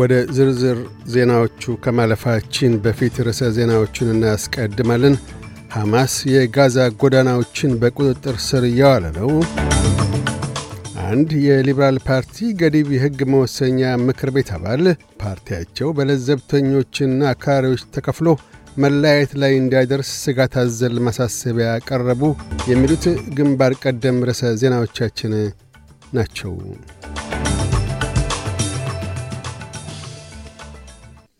ወደ ዝርዝር ዜናዎቹ ከማለፋችን በፊት ርዕሰ ዜናዎቹን እናስቀድማለን። ሐማስ የጋዛ ጎዳናዎችን በቁጥጥር ስር እያዋለ ነው። አንድ የሊበራል ፓርቲ ገዲብ የሕግ መወሰኛ ምክር ቤት አባል ፓርቲያቸው በለዘብተኞችና አካባሪዎች ተከፍሎ መለያየት ላይ እንዳይደርስ ስጋት አዘል ማሳሰቢያ ያቀረቡ የሚሉት ግንባር ቀደም ርዕሰ ዜናዎቻችን ናቸው።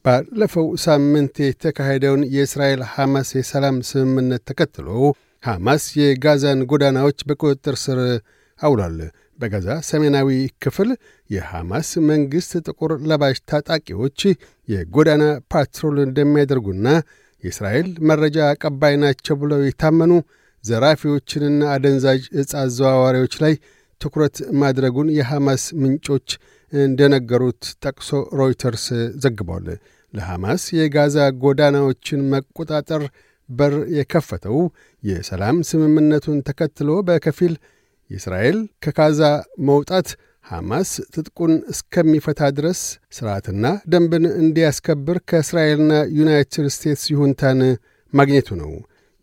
ባለፈው ሳምንት የተካሄደውን የእስራኤል ሐማስ የሰላም ስምምነት ተከትሎ ሐማስ የጋዛን ጎዳናዎች በቁጥጥር ስር አውሏል። በጋዛ ሰሜናዊ ክፍል የሐማስ መንግሥት ጥቁር ለባሽ ታጣቂዎች የጎዳና ፓትሮል እንደሚያደርጉና የእስራኤል መረጃ አቀባይ ናቸው ብለው የታመኑ ዘራፊዎችንና አደንዛዥ ዕፅ አዘዋዋሪዎች ላይ ትኩረት ማድረጉን የሐማስ ምንጮች እንደነገሩት ጠቅሶ ሮይተርስ ዘግቧል። ለሐማስ የጋዛ ጎዳናዎችን መቆጣጠር በር የከፈተው የሰላም ስምምነቱን ተከትሎ በከፊል የእስራኤል ከጋዛ መውጣት ሐማስ ትጥቁን እስከሚፈታ ድረስ ሥርዓትና ደንብን እንዲያስከብር ከእስራኤልና ዩናይትድ ስቴትስ ይሁንታን ማግኘቱ ነው።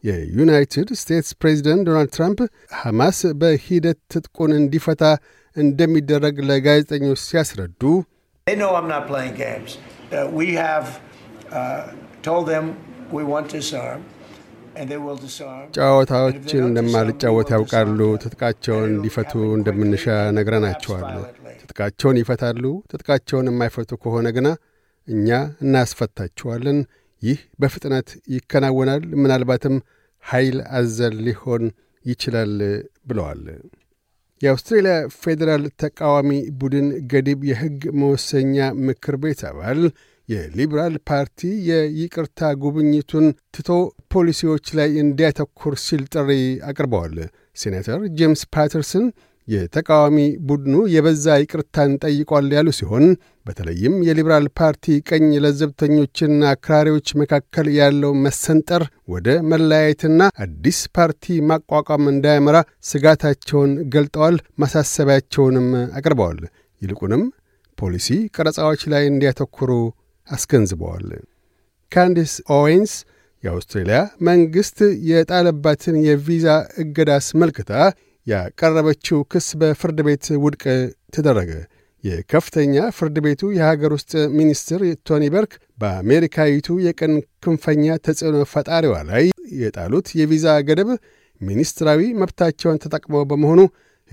የዩናይትድ ስቴትስ ፕሬዚደንት ዶናልድ ትራምፕ ሐማስ በሂደት ትጥቁን እንዲፈታ እንደሚደረግ ለጋዜጠኞች ሲያስረዱ uh, uh, ጨዋታዎችን እንደማልጫወት ያውቃሉ። ትጥቃቸውን እንዲፈቱ እንደምንሻ ነግረናቸዋለሁ። ትጥቃቸውን ይፈታሉ። ትጥቃቸውን የማይፈቱ ከሆነ ግና እኛ እናስፈታቸዋለን። ይህ በፍጥነት ይከናወናል። ምናልባትም ኃይል አዘል ሊሆን ይችላል ብለዋል። የአውስትሬልያ ፌዴራል ተቃዋሚ ቡድን ገዲብ የሕግ መወሰኛ ምክር ቤት አባል የሊበራል ፓርቲ የይቅርታ ጉብኝቱን ትቶ ፖሊሲዎች ላይ እንዲያተኩር ሲል ጥሪ አቅርበዋል። ሴናተር ጄምስ ፓተርሰን የተቃዋሚ ቡድኑ የበዛ ይቅርታን ጠይቋል ያሉ ሲሆን በተለይም የሊበራል ፓርቲ ቀኝ ለዘብተኞችና አክራሪዎች መካከል ያለው መሰንጠር ወደ መለያየትና አዲስ ፓርቲ ማቋቋም እንዳያመራ ስጋታቸውን ገልጠዋል። ማሳሰቢያቸውንም አቅርበዋል። ይልቁንም ፖሊሲ ቀረጻዎች ላይ እንዲያተኩሩ አስገንዝበዋል። ካንዲስ ኦዌንስ የአውስትሬልያ መንግሥት የጣለባትን የቪዛ እገዳ አስመልክታ ያቀረበችው ክስ በፍርድ ቤት ውድቅ ተደረገ። የከፍተኛ ፍርድ ቤቱ የሀገር ውስጥ ሚኒስትር ቶኒ በርክ በአሜሪካዊቱ የቀን ክንፈኛ ተጽዕኖ ፈጣሪዋ ላይ የጣሉት የቪዛ ገደብ ሚኒስትራዊ መብታቸውን ተጠቅመው በመሆኑ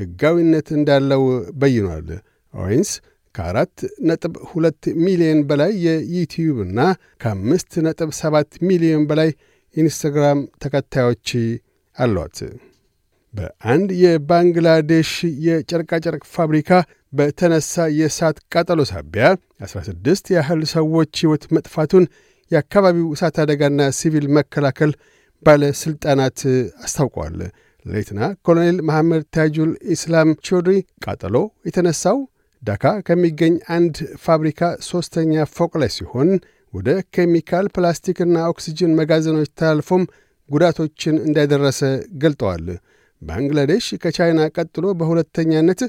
ሕጋዊነት እንዳለው በይኗል። ኦዌንስ ከአራት ነጥብ ሁለት ሚሊዮን በላይ የዩቲዩብ እና ከአምስት ነጥብ ሰባት ሚሊዮን በላይ ኢንስታግራም ተከታዮች አሏት። በአንድ የባንግላዴሽ የጨርቃጨርቅ ፋብሪካ በተነሳ የእሳት ቃጠሎ ሳቢያ 16 ያህል ሰዎች ሕይወት መጥፋቱን የአካባቢው እሳት አደጋና ሲቪል መከላከል ባለሥልጣናት አስታውቀዋል። ሌትና ኮሎኔል መሐመድ ታጁል ኢስላም ቾድሪ ቃጠሎ የተነሳው ዳካ ከሚገኝ አንድ ፋብሪካ ሦስተኛ ፎቅ ላይ ሲሆን ወደ ኬሚካል ፕላስቲክና ኦክሲጅን መጋዘኖች ተላልፎም ጉዳቶችን እንዳደረሰ ገልጠዋል። ባንግላዴሽ ከቻይና ቀጥሎ በሁለተኛነት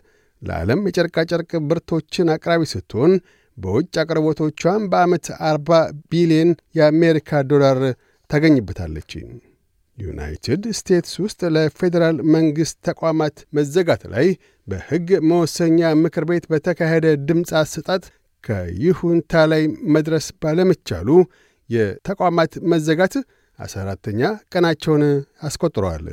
ለዓለም የጨርቃጨርቅ ምርቶችን አቅራቢ ስትሆን በውጭ አቅርቦቶቿም በዓመት 40 ቢሊዮን የአሜሪካ ዶላር ታገኝበታለች። ዩናይትድ ስቴትስ ውስጥ ለፌዴራል መንግሥት ተቋማት መዘጋት ላይ በሕግ መወሰኛ ምክር ቤት በተካሄደ ድምፅ አሰጣጥ ከይሁንታ ላይ መድረስ ባለመቻሉ የተቋማት መዘጋት 14ተኛ ቀናቸውን አስቆጥረዋል።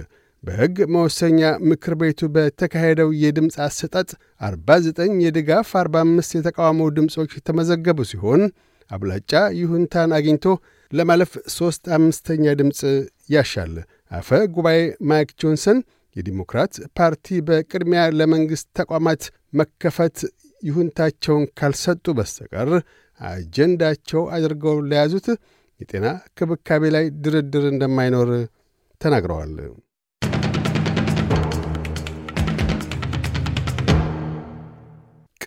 በሕግ መወሰኛ ምክር ቤቱ በተካሄደው የድምፅ አሰጣጥ 49 የድጋፍ 45 የተቃውሞ ድምፆች የተመዘገቡ ሲሆን አብላጫ ይሁንታን አግኝቶ ለማለፍ ሦስት አምስተኛ ድምፅ ያሻል። አፈ ጉባኤ ማይክ ጆንሰን የዲሞክራት ፓርቲ በቅድሚያ ለመንግሥት ተቋማት መከፈት ይሁንታቸውን ካልሰጡ በስተቀር አጀንዳቸው አድርገው ለያዙት የጤና ክብካቤ ላይ ድርድር እንደማይኖር ተናግረዋል።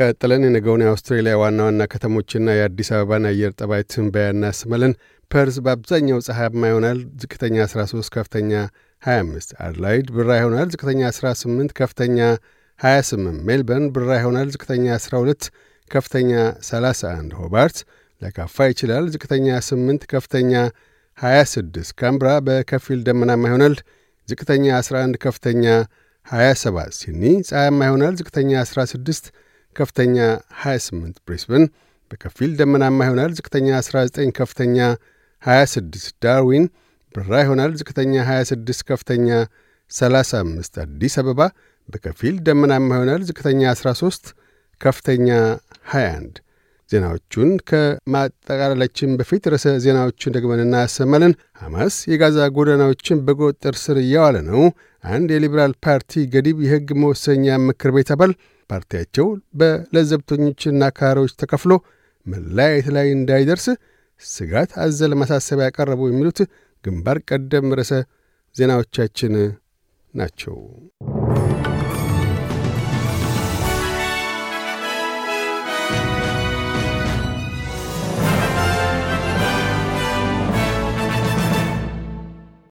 ቀጥለን የነገውን የአውስትሬሊያ ዋና ዋና ከተሞችና የአዲስ አበባን አየር ጠባይ ትንበያ እናስመለን። ፐርስ በአብዛኛው ፀሐያማ ይሆናል። ዝቅተኛ 13፣ ከፍተኛ 25። አድላይድ ብራ ይሆናል። ዝቅተኛ 18፣ ከፍተኛ 28። ሜልበርን ብራ ይሆናል። ዝቅተኛ 12፣ ከፍተኛ 31። ሆባርት ለካፋ ይችላል። ዝቅተኛ 8፣ ከፍተኛ 26። ካምብራ በከፊል ደመናማ ይሆናል። ዝቅተኛ 11፣ ከፍተኛ 27። ሲኒ ፀሐያማ ይሆናል። ዝቅተኛ 16 ከፍተኛ 28፣ ብሪስበን በከፊል ደመናማ ይሆናል። ዝቅተኛ 19፣ ከፍተኛ 26፣ ዳርዊን ብራ ይሆናል። ዝቅተኛ 26፣ ከፍተኛ 35፣ አዲስ አበባ በከፊል ደመናማ ይሆናል። ዝቅተኛ 13፣ ከፍተኛ 21። ዜናዎቹን ከማጠቃለላችን በፊት ርዕሰ ዜናዎቹን ደግመን እናሰማለን። ሐማስ የጋዛ ጎዳናዎችን በቁጥጥር ስር እያዋለ ነው። አንድ የሊበራል ፓርቲ ገዲብ የሕግ መወሰኛ ምክር ቤት አባል ፓርቲያቸው በለዘብተኞችና ካሪዎች ተከፍሎ መለያየት ላይ እንዳይደርስ ስጋት አዘል ማሳሰቢያ ያቀረቡ የሚሉት ግንባር ቀደም ርዕሰ ዜናዎቻችን ናቸው።